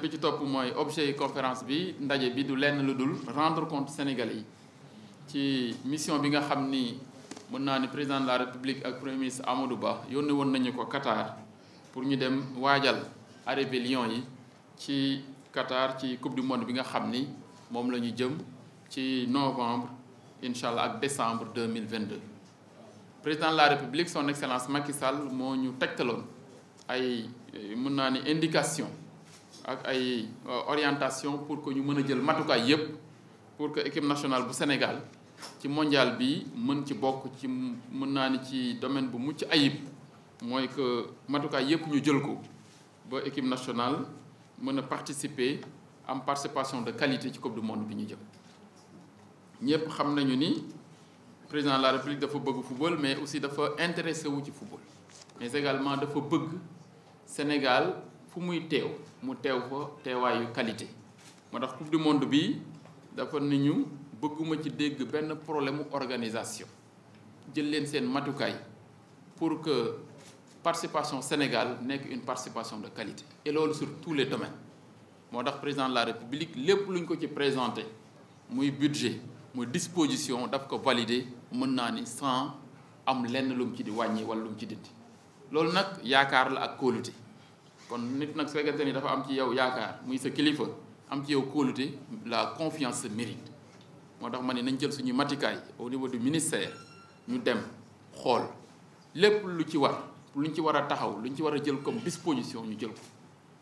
beneen bi ci topp mooy objet yi conférence bi ndaje bi du lenn lu dul rendre compte sénégal yi ci mission bi nga xam ni mën naa ne président la république ak premier ministre Amadou Ba yónnee woon nañu ko Qatar pour ñu dem waajal arrivé Lions yi ci Qatar ci coupe du monde bi nga xam ni moom la ñu jëm ci novembre incha ak décembre deux mille vingt deux président la république son excellence Macky Sall moo ñu tegtaloon ay mën naa ni indication ak ay euh, orientation pour que ñu mën a jël matukaay yépp pour que équipe national bu Sénégal ci mondial bi mën ci bokk ci mën naa ni ci domaine bu mucc ayib mooy que matukaay yépp ñu jël ko ba équipe national mën a participer am participation de qualité ci coupe du monde bi ñu jël ñépp xam nañu ni président de la république dafa bëgg football mais aussi dafa intéressé wu ci football mais également dafa bëgg Sénégal fu muy teew mu teew fa teewaayu qualité moo tax coupe du monde bi dafa nañu bëgguma ci dégg benn problème organisation jël leen seen matukaay pour que participation Sénégal nekk une participation de qualité et loolu sur tous les domaines moo tax président la République lépp lu ñu ko ci présenté muy budget muy disposition daf ko valider mën naa ni sans am lenn lum ci di wàññi wala lu ci dindi loolu nag yaakaar la ak kóolute kon nit nag su fekkente ni dafa am ci yow yaakaar muy sa kilifa am ci yow kóolute la confiance se mérite moo tax ma ne nañ jël suñu matikaay au niveau du ministère ñu dem xool lépp lu ci wax war luñ ci war a taxaw lu ñu ci war a jël comme disposition ñu jël ko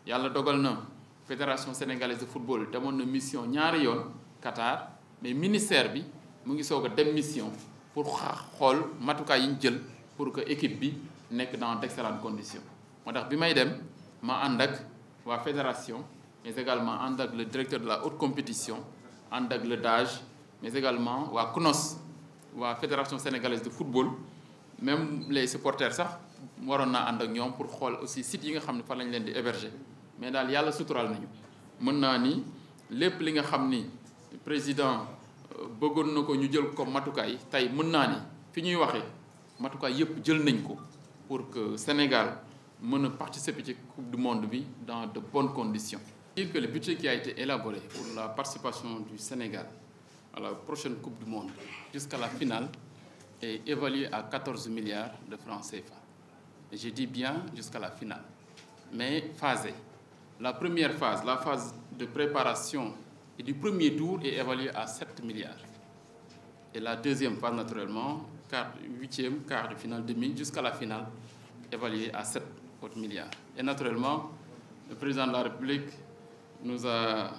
yàlla dogal na fédération sénégalaise de football demoon na mission ñaari yoon Qatar mais ministère bi mu ngi soog a dem mission pour xool matukaay yi ñu jël pour que équipe bi nekk dans d'excellentes conditions moo ma ànd ak waa fédération mais également ànd ak le directeur de la haute compétition ànd ak le DAGE mais également waa CNOS waa fédération sénégalaise de football même les supporters sax waroon naa ànd ak ñoom pour xool aussi sites yi nga xam ne fan lañ leen di héberger mais daal yàlla suturaal nañu mën naa ni lépp li nga xam ni président euh, bëggoon na ko ñu jël ko matukaay tey mën naa ni fi ñuy waxee matukaay yëpp jël nañ ko pour que Sénégal mën a participer ci coupe du monde bi dans de bonnes conditions. dire que le budget qui a été élaboré pour la participation du Sénégal à la prochaine coupe du monde jusqu'à la finale est évalué à 14 milliards de francs CFA. Et je dis bien jusqu'à la finale, mais phase La première phase, la phase de préparation et du premier tour et évaluée à 7 milliards. Et la deuxième phase, naturellement, quart, huitième, quart de finale, demi, jusqu'à la finale, évaluée à 7 50 Et naturellement, le président de la République nous a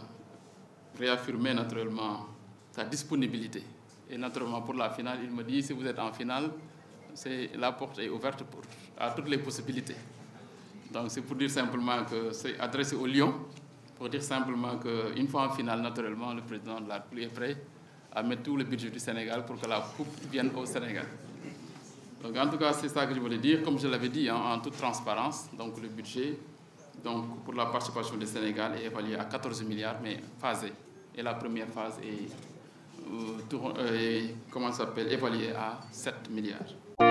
réaffirmé naturellement sa disponibilité. Et naturellement, pour la finale, il me dit, si vous êtes en finale, la porte est ouverte à toutes les possibilités. Donc c'est pour dire simplement que c'est adressé au Lyon, pour dire simplement qu'une fois en finale, naturellement, le président de la République est prêt à mettre tout le budget du Sénégal pour que la coupe vienne au Sénégal. Donc en tout cas, c'est ça que je voulais dire. Comme je l'avais dit, hein, en toute transparence, donc le budget donc pour la participation du Sénégal est évalué à 14 milliards, mais phasé. Et la première phase est, euh, tour, euh, est comment s'appelle, évaluée à 7 milliards.